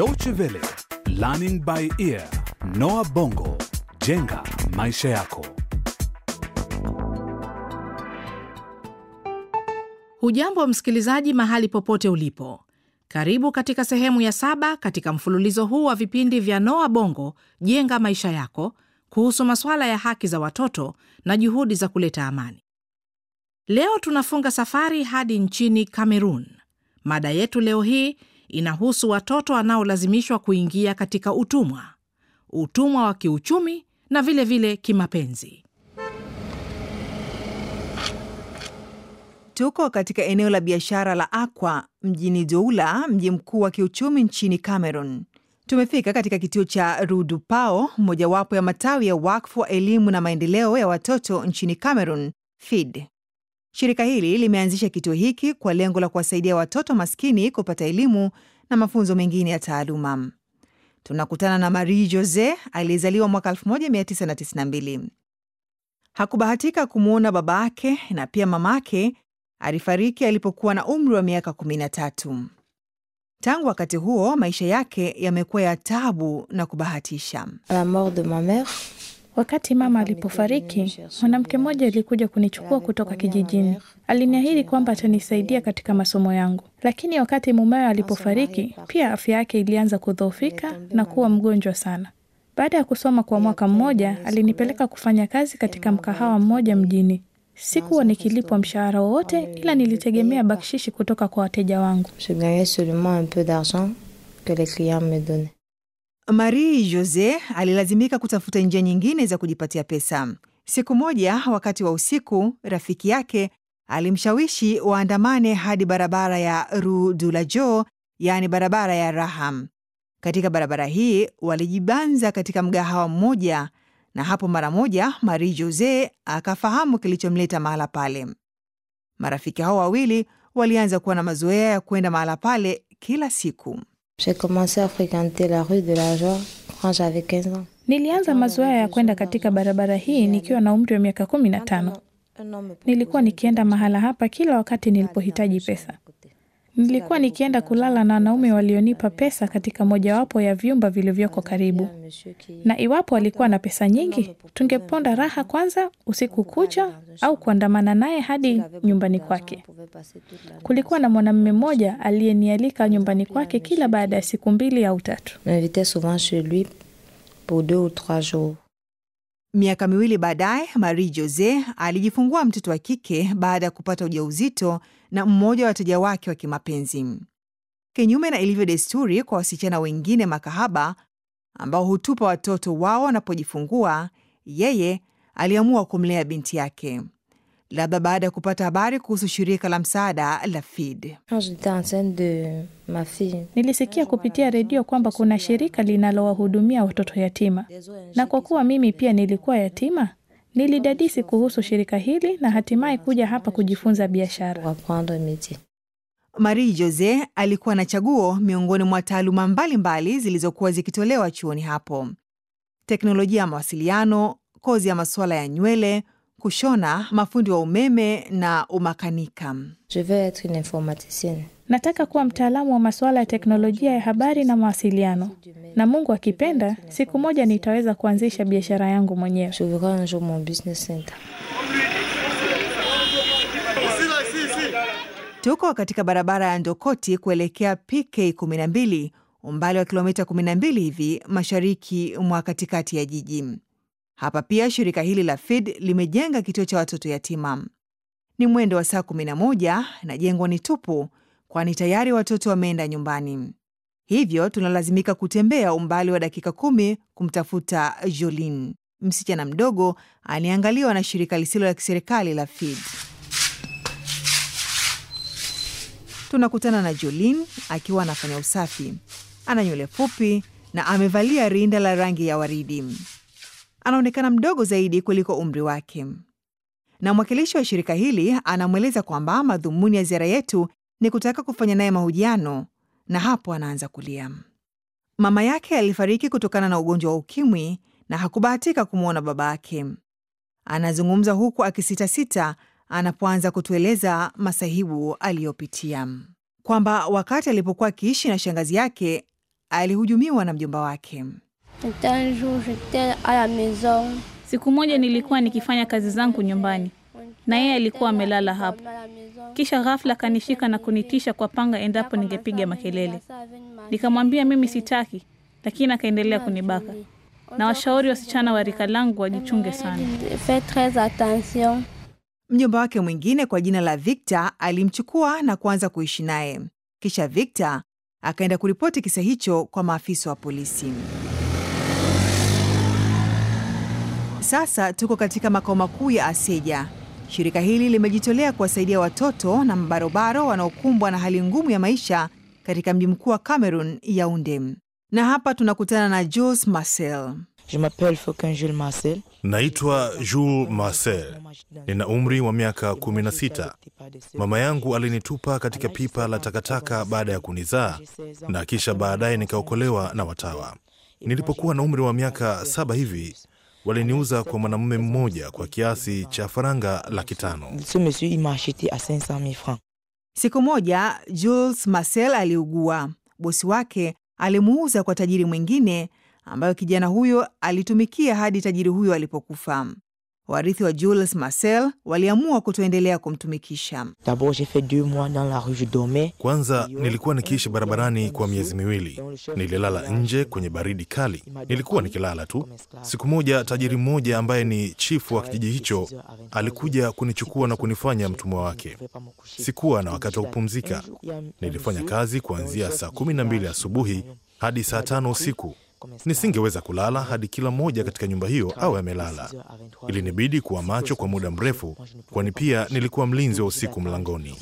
Deutsche Welle, Learning by Ear, Noah Bongo, Jenga Maisha Yako. Hujambo msikilizaji mahali popote ulipo. Karibu katika sehemu ya saba katika mfululizo huu wa vipindi vya Noah Bongo, Jenga Maisha Yako kuhusu masuala ya haki za watoto na juhudi za kuleta amani. Leo tunafunga safari hadi nchini Kamerun. Mada yetu leo hii inahusu watoto wanaolazimishwa kuingia katika utumwa, utumwa wa kiuchumi na vilevile vile kimapenzi. Tuko katika eneo la biashara la aqwa mjini Doula, mji mkuu wa kiuchumi nchini cameron Tumefika katika kituo cha Rudupao, mojawapo ya matawi ya wakfu wa elimu na maendeleo ya watoto nchini Cameroon, fid Shirika hili limeanzisha kituo hiki kwa lengo la kuwasaidia watoto maskini kupata elimu na mafunzo mengine ya taaluma. Tunakutana na Marie Jose aliyezaliwa mwaka 1992. Hakubahatika kumwona babake na pia mamake alifariki alipokuwa na umri wa miaka 13. Tangu wakati huo maisha yake yamekuwa ya taabu na kubahatisha. La mort de ma Wakati mama alipofariki, mwanamke mmoja alikuja kunichukua yaani kutoka kijijini. Aliniahidi kwamba atanisaidia katika masomo yangu, lakini wakati mumewe alipofariki, pia afya yake ilianza kudhoofika na kuwa mgonjwa sana. Baada ya kusoma kwa mwaka mmoja, alinipeleka kufanya kazi katika mkahawa mmoja mjini. Sikuwa nikilipwa mshahara wowote, ila nilitegemea bakshishi kutoka kwa wateja wangu. Marie Jose alilazimika kutafuta njia nyingine za kujipatia pesa. Siku moja wakati wa usiku, rafiki yake alimshawishi waandamane hadi barabara ya Rue du jo yaani barabara ya Raham. Katika barabara hii walijibanza katika mgahawa mmoja, na hapo mara moja Marie Jose akafahamu kilichomleta mahala pale. Marafiki hao wawili walianza kuwa na mazoea ya kwenda mahala pale kila siku. J'ai commencé à fréquenter la rue de la Joie quand j'avais 15 ans. Nilianza mazoea ya kwenda katika barabara hii nikiwa na umri wa miaka kumi na tano. Nilikuwa nikienda mahala hapa kila wakati nilipohitaji pesa. Nilikuwa nikienda kulala na wanaume walionipa pesa katika mojawapo ya vyumba vilivyoko karibu, na iwapo alikuwa na pesa nyingi, tungeponda raha kwanza usiku kucha au kuandamana naye hadi nyumbani kwake. Kulikuwa na mwanamume mmoja aliyenialika nyumbani kwake kila baada ya siku mbili au tatu. Miaka miwili baadaye, Marie Jose alijifungua mtoto wa kike baada ya kupata ujauzito na mmoja wa wateja wake wa kimapenzi. Kinyume na ilivyo desturi kwa wasichana wengine makahaba ambao hutupa watoto wao wanapojifungua, yeye aliamua kumlea binti yake labda baada ya kupata habari kuhusu shirika la msaada la FID. Nilisikia kupitia redio kwamba kuna shirika linalowahudumia watoto yatima, na kwa kuwa mimi pia nilikuwa yatima, nilidadisi kuhusu shirika hili na hatimaye kuja hapa kujifunza biashara. Marie Jose alikuwa na chaguo miongoni mwa taaluma mbalimbali zilizokuwa zikitolewa chuoni hapo: teknolojia ya mawasiliano, kozi ya masuala ya nywele kushona, mafundi wa umeme na umakanika. Je veux une informaticienne. Nataka kuwa mtaalamu wa masuala ya teknolojia ya habari na mawasiliano, na Mungu akipenda, siku moja nitaweza kuanzisha biashara yangu mwenyewe. Tuko katika barabara ya Ndokoti kuelekea PK 12 umbali wa kilomita 12 hivi mashariki mwa katikati ya jiji. Hapa pia shirika hili la fid limejenga kituo cha watoto yatima. Ni mwendo wa saa 11 na jengo ni tupu, kwani tayari watoto wameenda nyumbani. Hivyo tunalazimika kutembea umbali wa dakika kumi kumtafuta Jolin, msichana mdogo aliangaliwa na shirika lisilo la kiserikali la FID. Tunakutana na Jolin akiwa anafanya usafi. Ana nywele fupi na amevalia rinda la rangi ya waridi anaonekana mdogo zaidi kuliko umri wake, na mwakilishi wa shirika hili anamweleza kwamba madhumuni ya ziara yetu ni kutaka kufanya naye mahojiano, na hapo anaanza kulia. Mama yake alifariki kutokana na ugonjwa wa ukimwi na hakubahatika kumwona baba yake. Anazungumza huku akisitasita anapoanza kutueleza masahibu aliyopitia, kwamba wakati alipokuwa akiishi na shangazi yake alihujumiwa na mjomba wake. Siku moja nilikuwa nikifanya kazi zangu nyumbani na yeye alikuwa amelala hapo, kisha ghafla kanishika na kunitisha kwa panga endapo ningepiga makelele. Nikamwambia mimi sitaki, lakini akaendelea kunibaka. Na washauri wasichana wa rika langu wajichunge sana. Mjomba wake mwingine kwa jina la Victor alimchukua na kuanza kuishi naye, kisha Victor akaenda kuripoti kisa hicho kwa maafisa wa polisi. Sasa tuko katika makao makuu ya Aseja. Shirika hili limejitolea kuwasaidia watoto na mabarobaro wanaokumbwa na hali ngumu ya maisha katika mji mkuu wa Cameroon, Yaounde. Na hapa tunakutana na Jules Marcel. Naitwa Jules Marcel, nina umri wa miaka 16. Mama yangu alinitupa katika pipa la takataka baada ya kunizaa na kisha baadaye nikaokolewa na watawa. Nilipokuwa na umri wa miaka saba hivi waliniuza kwa mwanamume mmoja kwa kiasi cha faranga laki tano. Siku moja Jules Marcel aliugua. Bosi wake alimuuza kwa tajiri mwingine, ambayo kijana huyo alitumikia hadi tajiri huyo alipokufa warithi wa Jules Marcel waliamua kutoendelea kumtumikisha. Kwanza nilikuwa nikiishi barabarani kwa miezi miwili, nililala nje kwenye baridi kali, nilikuwa nikilala tu. Siku moja tajiri mmoja ambaye ni chifu wa kijiji hicho alikuja kunichukua na kunifanya mtumwa wake. Sikuwa na wakati wa kupumzika, nilifanya kazi kuanzia saa kumi na mbili asubuhi hadi saa tano usiku. Nisingeweza kulala hadi kila mmoja katika nyumba hiyo awe amelala. Ilinibidi kuwa macho kwa muda mrefu, kwani pia nilikuwa mlinzi wa usiku mlangoni.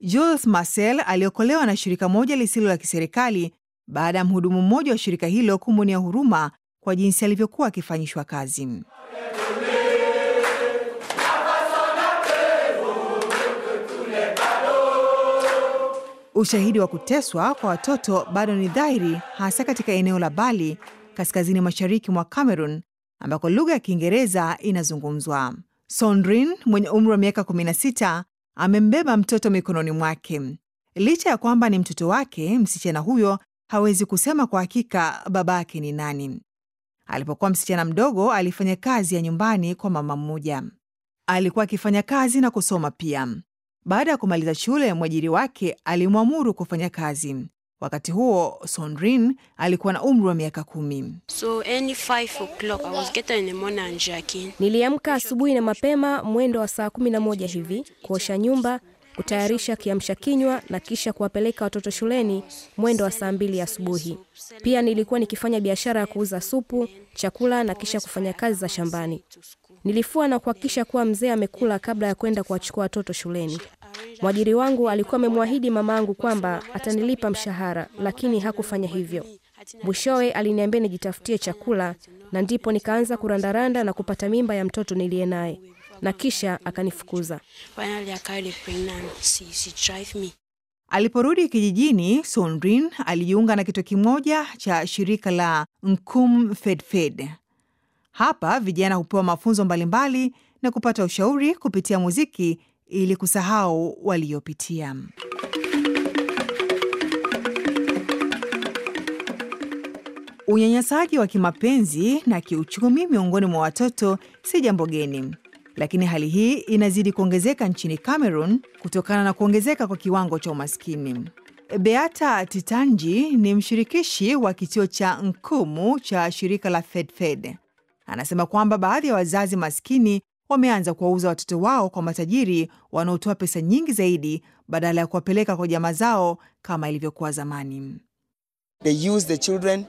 Jules Marcel aliokolewa na shirika moja lisilo la kiserikali baada ya mhudumu mmoja wa shirika hilo kumuonea huruma kwa jinsi alivyokuwa akifanyishwa kazi. Ushahidi wa kuteswa kwa watoto bado ni dhahiri, hasa katika eneo la Bali kaskazini mashariki mwa Cameroon ambako lugha ya Kiingereza inazungumzwa. Sondrin mwenye umri wa miaka 16 amembeba mtoto mikononi mwake. Licha ya kwamba ni mtoto wake, msichana huyo hawezi kusema kwa hakika babake ni nani. Alipokuwa msichana mdogo, alifanya kazi ya nyumbani kwa mama mmoja. Alikuwa akifanya kazi na kusoma pia. Baada ya kumaliza shule, mwajiri wake alimwamuru kufanya kazi. Wakati huo Sondrin alikuwa na umri wa miaka kumi. So, niliamka asubuhi na mapema mwendo wa saa kumi na moja hivi kuosha nyumba, kutayarisha kiamsha kinywa na kisha kuwapeleka watoto shuleni mwendo wa saa mbili asubuhi. Pia nilikuwa nikifanya biashara ya kuuza supu, chakula na kisha kufanya kazi za shambani. Nilifua na kuhakikisha kuwa mzee amekula kabla ya kwenda kuwachukua watoto shuleni. Mwajiri wangu alikuwa amemwahidi mama angu kwamba atanilipa mshahara, lakini hakufanya hivyo. Mwishowe aliniambia nijitafutie chakula, na ndipo nikaanza kurandaranda na kupata mimba ya mtoto niliye naye, na kisha akanifukuza. Aliporudi kijijini, Sondrin alijiunga na kituo kimoja cha shirika la Nkum Fedfed. Hapa vijana hupewa mafunzo mbalimbali na kupata ushauri kupitia muziki ili kusahau waliyopitia. Unyanyasaji wa kimapenzi na kiuchumi miongoni mwa watoto si jambo geni, lakini hali hii inazidi kuongezeka nchini Cameroon kutokana na kuongezeka kwa kiwango cha umaskini. Beata Titanji ni mshirikishi wa kituo cha Nkumu cha shirika la FEDFED. Anasema kwamba baadhi ya wazazi maskini wameanza kuwauza watoto wao kwa matajiri wanaotoa pesa nyingi zaidi badala ya kuwapeleka kwa jamaa zao kama ilivyokuwa zamani.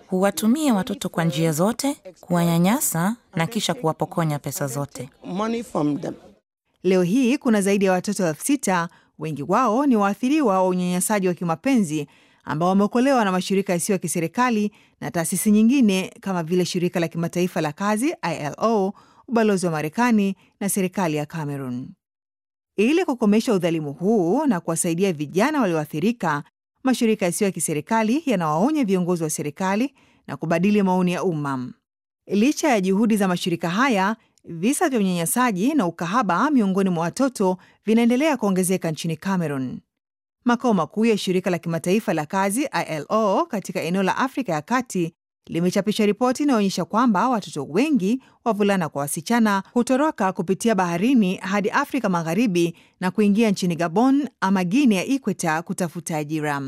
Huwatumia watoto kwa njia zote, kuwanyanyasa na kisha kuwapokonya pesa zote. Leo hii kuna zaidi ya watoto elfu sita, wengi wao ni waathiriwa wa unyanyasaji wa kimapenzi ambao wameokolewa na mashirika yasiyo ya kiserikali na taasisi nyingine kama vile shirika la kimataifa la kazi ILO, ubalozi wa Marekani na serikali ya Cameroon. Ili kukomesha udhalimu huu na kuwasaidia vijana walioathirika, mashirika yasiyo ya kiserikali yanawaonya viongozi wa serikali na kubadili maoni ya umma. Licha ya juhudi za mashirika haya, visa vya unyanyasaji na ukahaba miongoni mwa watoto vinaendelea kuongezeka nchini Cameroon. Makao makuu ya shirika la kimataifa la kazi ILO katika eneo la Afrika ya Kati limechapisha ripoti inayoonyesha kwamba watoto wengi wavulana kwa wasichana hutoroka kupitia baharini hadi Afrika Magharibi na kuingia nchini Gabon ama Guinea ya Ikweta kutafuta ajira.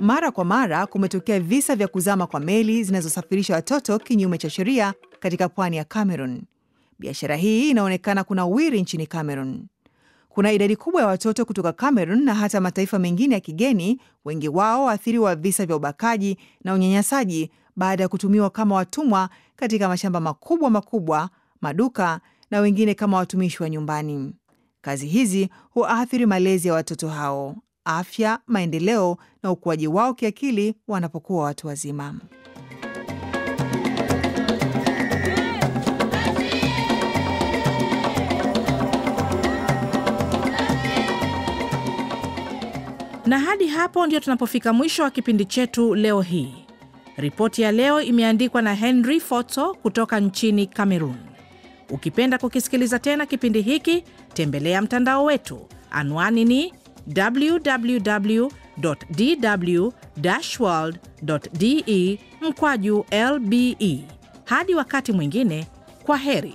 Mara kwa mara kumetokea visa vya kuzama kwa meli zinazosafirisha watoto kinyume cha sheria katika pwani ya Cameroon. Biashara hii inaonekana kuna wiri nchini Cameroon. Kuna idadi kubwa ya watoto kutoka Cameroon na hata mataifa mengine ya kigeni, wengi wao waathiriwa visa vya ubakaji na unyanyasaji baada ya kutumiwa kama watumwa katika mashamba makubwa makubwa, maduka na wengine kama watumishi wa nyumbani. Kazi hizi huathiri malezi ya watoto hao, afya, maendeleo na ukuaji wao kiakili wanapokuwa watu wazima. Na hadi hapo ndio tunapofika mwisho wa kipindi chetu leo hii. Ripoti ya leo imeandikwa na Henry Foto kutoka nchini Cameroon. Ukipenda kukisikiliza tena kipindi hiki, tembelea mtandao wetu, anwani ni www.dw-world.de mkwaju lbe. Hadi wakati mwingine, kwa heri.